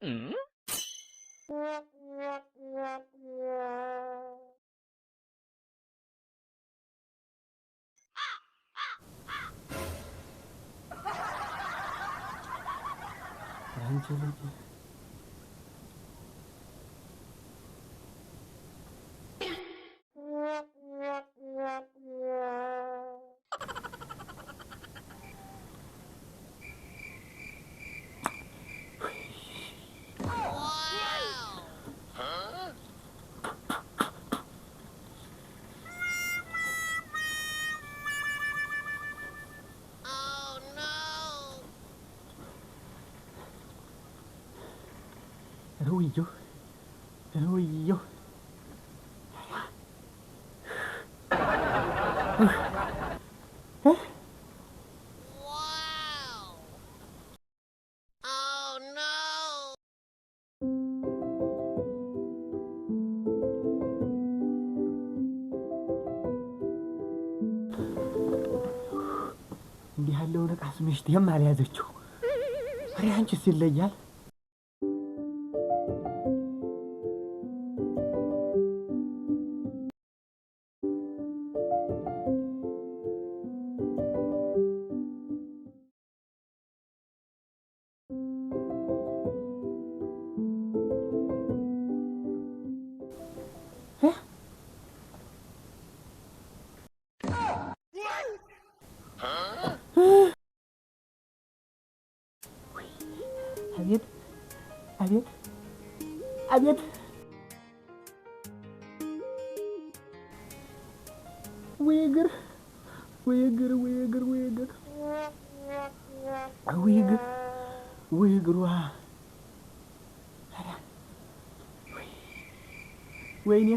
嗯。啊啊啊！难接受。Uy, yo. Uy, yo. Huh? Wow. Oh, no. እንዲህ ያለውን ዕቃ ስመሽት የማልያዘችው ሪያንችስ ይለያል። Hä? አቤት አቤት አቤት ወይ እግር ወይ እግር ወይ እግር ወይ እግር ወይ እግር ወይ ወይኔ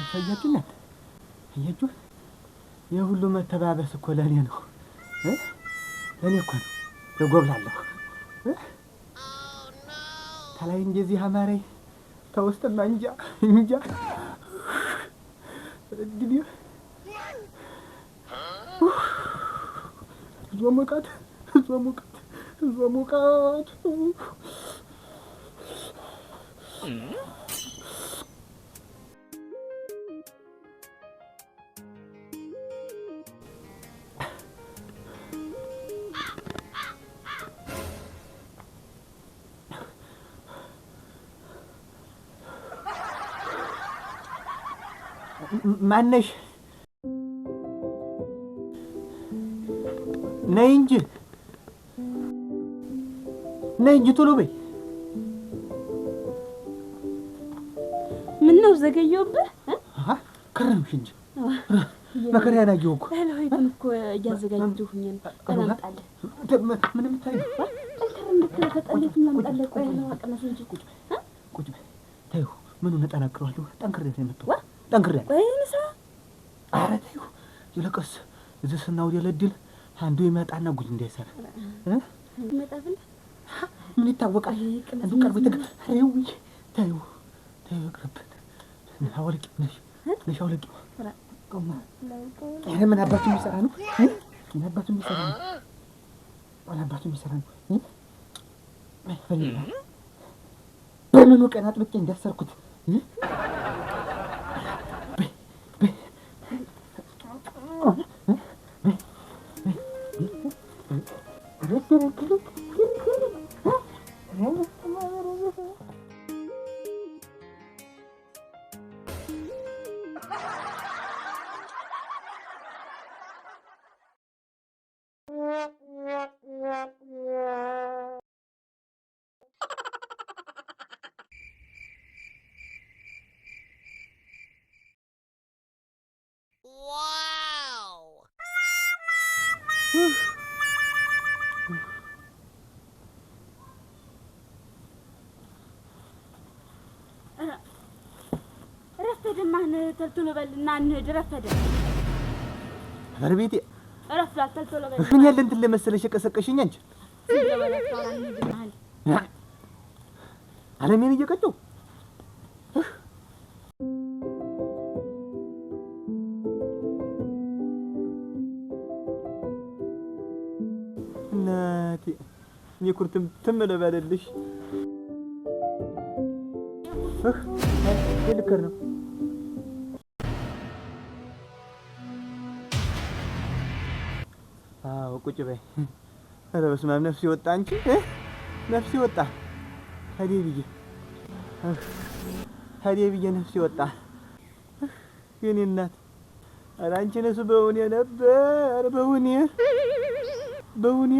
ያሳያችሁ እናት አያችሁ፣ የሁሉ መተባበስ እኮ ለእኔ ነው ለእኔ እኮ ነው እጎብላለሁ። ከላይ እንደዚህ አማረኝ፣ ከውስጥማ እንጃ እንጃ። እንግዲህ እዞ ሙቀት እዞ ሙቀት እዞ ሙቀት ማነሽ? ነይ እንጂ ነይ እንጂ ቶሎ በይ። ዘገየሁብህ ከረምሽ እንጂ መከራ ያናየው እኮ ግን እኮ እያዘጋጀሁ ነው። እላምጣለህ ምን የምታይ ተጠለፍ ላምጣለህ። ቆይ ነው አቅመስ እንጂ ቁጭ ቁጭ በይ ተይው። ምኑን እጠናክረዋለሁ? ጠንክሬ ነው የመጣሁት። ጠንክሬ ቆይ ምሳ ኧረ ተይው። ይልቅስ ስናውድ የለድል አንዱ የሚያጣና ጉድ እንዳይሰራ መጣብን ምን ይታወቃል። አንዱ ቀርቦ ተይው፣ ተይው፣ ተይው ቅርብ ምን ሐወልቂ ነሽ ነሽ ሐወልቂ ቆማ ይሄ ምን አባቱ የሚሰራ ነው? ምን አባቱ የሚሰራ ነው? ምን አባቱ የሚሰራ ነው? በምኑ ቀን አጥብቄ እንዳሰርኩት Thank you. ረፈደማ ተልቶሎ በልና እንሂድ። ረፈደ። ኧረ ቤቴ ረፍዷል። ተልቶሎ በል ምን ያለ እንትን ለመሰለሽ የቀሰቀሽኝ አንቺ አለሜን እየቀጨው እኔ ኩርትምትም ልበልልሽ። ልክር ነው። አዎ ቁጭ በይ። ኧረ በስመ አብ ነፍሴ ወጣ። አንቺ ነፍሴ ወጣ። ታዲያ ብዬ ታዲያ ብዬ ነፍሴ ወጣ። የኔ እናት ኧረ አንቺ ነሱ በውኔ ነበር በውኔ በውኔ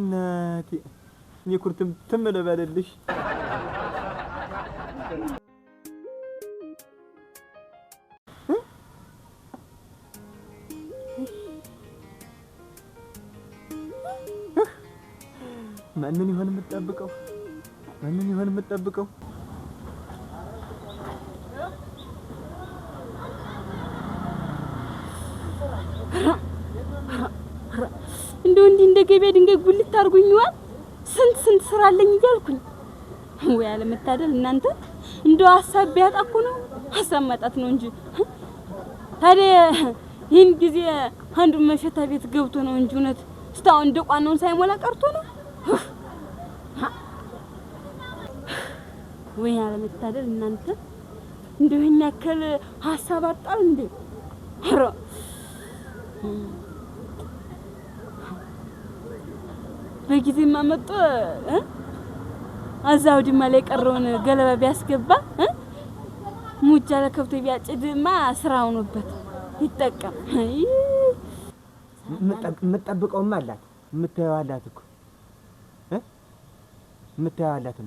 እናቴ እኔ ኩርትምትም ልበልልሽ። ማንን ይሆን የምጠብቀው? ማንን ይሆን የምትጠብቀው? እንደው እንዲህ እንደ ገበያ ድንጋይ ጉልት አድርጉኝዋል። ስንት ስንት ስራ አለኝ እያልኩኝ ወይ አለመታደል እናንተ እንደው ሀሳብ ቢያጣኩ ነው ሀሳብ ማጣት ነው እንጂ ታዲያ ይህን ጊዜ አንዱን መሸታ ቤት ገብቶ ነው እንጂ እውነት ስታው እንደ ቋናውን ሳይሞላ ቀርቶ ነው። ወይ አለመታደል እናንተ እንደው ይህን ያክል ሀሳብ አጣል እንዴ? ኧረ በጊዜ ማመጡ እዛ አውድማ ላይ ቀረውን ገለባ ቢያስገባ ሙጃ ለከብቶ ቢያጭድማ ስራ ሆኖበት ይጠቀም። የምጠብቀውም አላት የምታየው እኮ የምታየው አላት።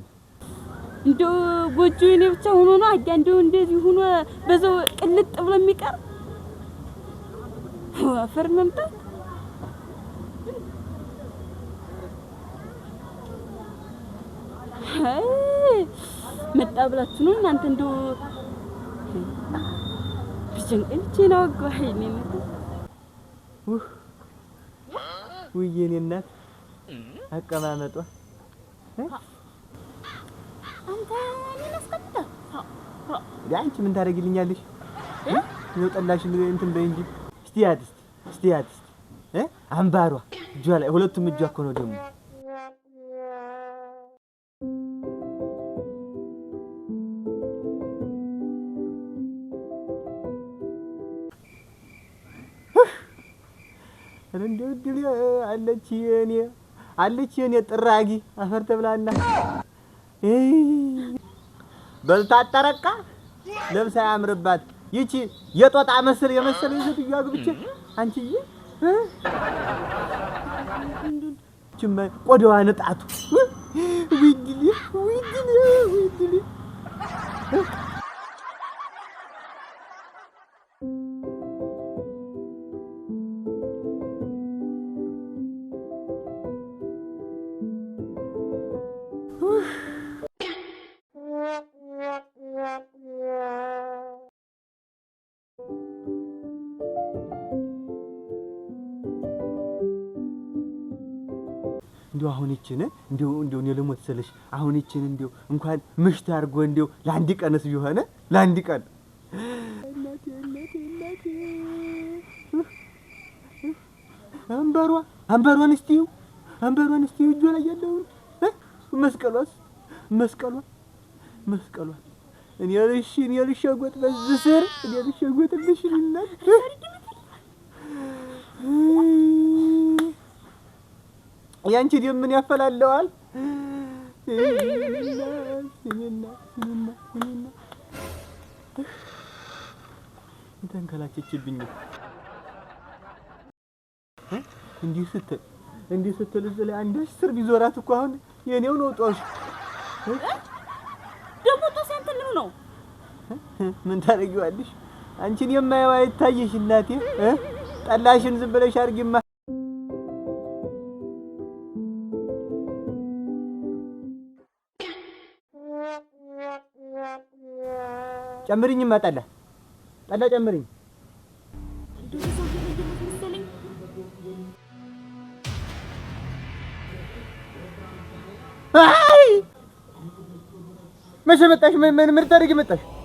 እንደው ጎጆ የኔ ብቻ ሆኖ ነው አያ እንደው እንደዚህ ሆኖ በዛው ቅልጥ ብሎ የሚቀር አፈር መምጣት መጣ ብላችሁ ነው እናንተ ነው ጓይ ነው ውይ የኔ እናት አቀማመጧ አንተ ምን አስቀምጣ አንቺ ምን ታደርጊልኛለሽ? ነው ጠላሽ እንትን በይ እንጂ እስቲ ያት እስቲ ያት እስቲ እጇ ላይ ሁለቱም እጇ እኮ ነው ደግሞ ስትል እንደ እድል አለች የኔ አለች የኔ ጥራጊ አፈር ተብላና በልታ አጠረቃ ለብሳ ያምርባት ይቺ የጦጣ መሰል የመሰለ ሴትዮ አግብቼ አንቺዬ ችመ ቆዳዋ ንጣቱ ዊግሊ ዊግሊ ዊግሊ እንዲሁ አሁን ይችን እንዲሁ እንዲሁ እኔ ልሞት ስልሽ አሁን ይችን እንዲሁ እንኳን ምሽት አድርጎ እንዲሁ ለአንድ ቀንስ ቢሆነ ለአንድ ቀን አንበሯ አንበሯን እስቲው አንበሯን እስቲው እጇ ላይ ያለውን መስቀሏስ መስቀሏ መስቀሏ እኔ ልሽ እኔ ልሽ አጎጥ በዝ ስር እኔ ልሽ አጎጥ ልሽ ልናት ያንቺ ዲም ምን ያፈላልለዋል? ተንከላቸችብኝ። እንዲህ ስትል እንዲህ ስትል እዚህ ላይ አንድ ስር ቢዞራት እኮ አሁን የኔው ነው ጦስ ደግሞ ጦስ ያንተን ነው። ምን ታደርጊዋለሽ? አንቺን የማየው አይታየሽ እናቴ። ጠላሽን ዝም ብለሽ አድርጊማ። Chamberin yung mata dah. Ada chamberin. Hai! Mesem tak, mesem tak, mesem tak, mesem